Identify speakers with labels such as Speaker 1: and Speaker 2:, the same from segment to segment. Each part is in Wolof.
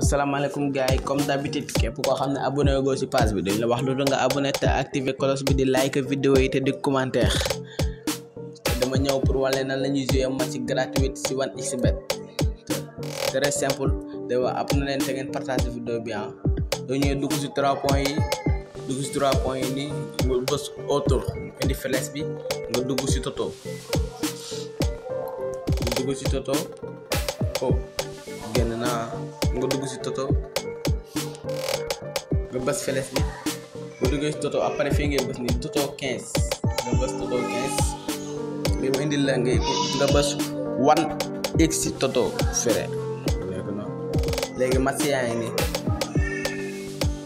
Speaker 1: assalamualaikum guys yi comme d'habitude képp koo xam ne abonné goo ci page bi dañ la wax loolu nga abonné te activer cloche bi di like vidéo yi te di commentaire te dama ñëw pour wàlle nan la ñuy jouer match gratuit ci 1xbet très simple day wa ab na leen te ngeen partage vidéo bi ah doo ñëw dugg ci 3 points yi dugg ci 3 points yi ni nga bës autour indi flèche bi nga dugg ci toto nga dugg ci toto oh ಏನನ ಗೊದ್ದುಗುಸಿತ್ತೋ ಗಬ್ಬಸ್ ಫೆಲೆಸ್ನಿ ಗೊದ್ದುಗಿಸ್ತೋ ಅಪ್ಪನೆ ಫೇಂಗೆ ಬಸ್ ನಿಂತುತೋ ಕ್ಯಾಸ್ ಗಬ್ಬಸ್ ತೋ ಕ್ಯಾಸ್ ɓe windilange gabas wan exitoto fere léegi masiya yi ni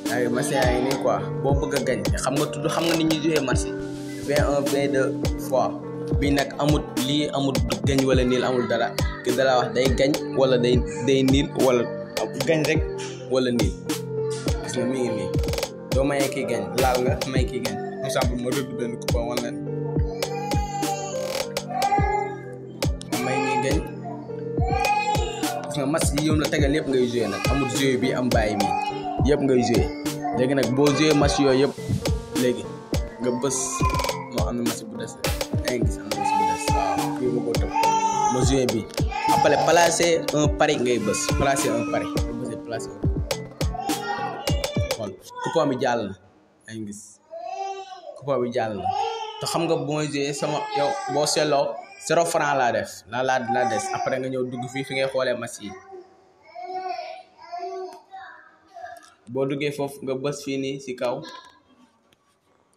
Speaker 1: léegi masiya yi ni quoi boo bëgg a gañ xam nga tudd xam nga ni ñuy jouer marché v1 v2 fois bi nag amut lii amut gañ wala niil amul dara que da wax day gañ wala day day niil wala gañ rek wala niil gis nga mi ngi nii doo mayee kii gañ may kii gañ exemple ma rëdd benn coupe wala nga match yi yoon la tegal yëpp ngay joué nag amul joué bi am bàyyi mi yëpp ngay joué léegi nag boo joué match yooyu yëpp léegi nga bës moo am na match bu des da ngay gis am na match bu des waaw kii ma ko tëb ma joué appelé placer un eh, pari ngay bëss placer un eh, pari bësé placer kon coupon bi jall na ay ngis coupon bi jall na te xam nga bu jé sama yow bo sélo ya, 0 francs la def la la la des après nga ñëw dugg fi fi ngay xolé mas yi boo duggee foofu nga bëss fi ni ci kaw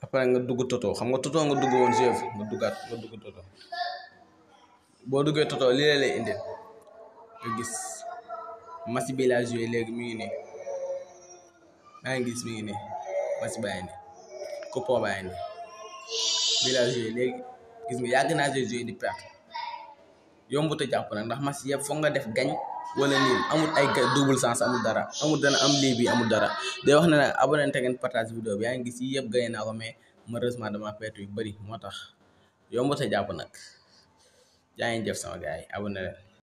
Speaker 1: après nga dugg toto xam nga toto nga dugg won jëf nga duggat nga dugg toto boo duggee toto lii la lay indi nga gis match bi laa léegi mi ngi nii maa ngi gis mi ngi nii match baa ngi nii léegi gis nga yàgg naa joué di perte yombut a jàpp nag ndax match yëpp foog nga def gañ wala nii amut ay double sens amul dara amul dana am lii bi amul dara day wax ne nag abonné te ngeen partage vidéo yaa ngi si yii yëpp gañ naa ko mais malheureusement dama perte yu bari moo tax yombut a jàpp nag y'all ain't Jefferson guy. I wanna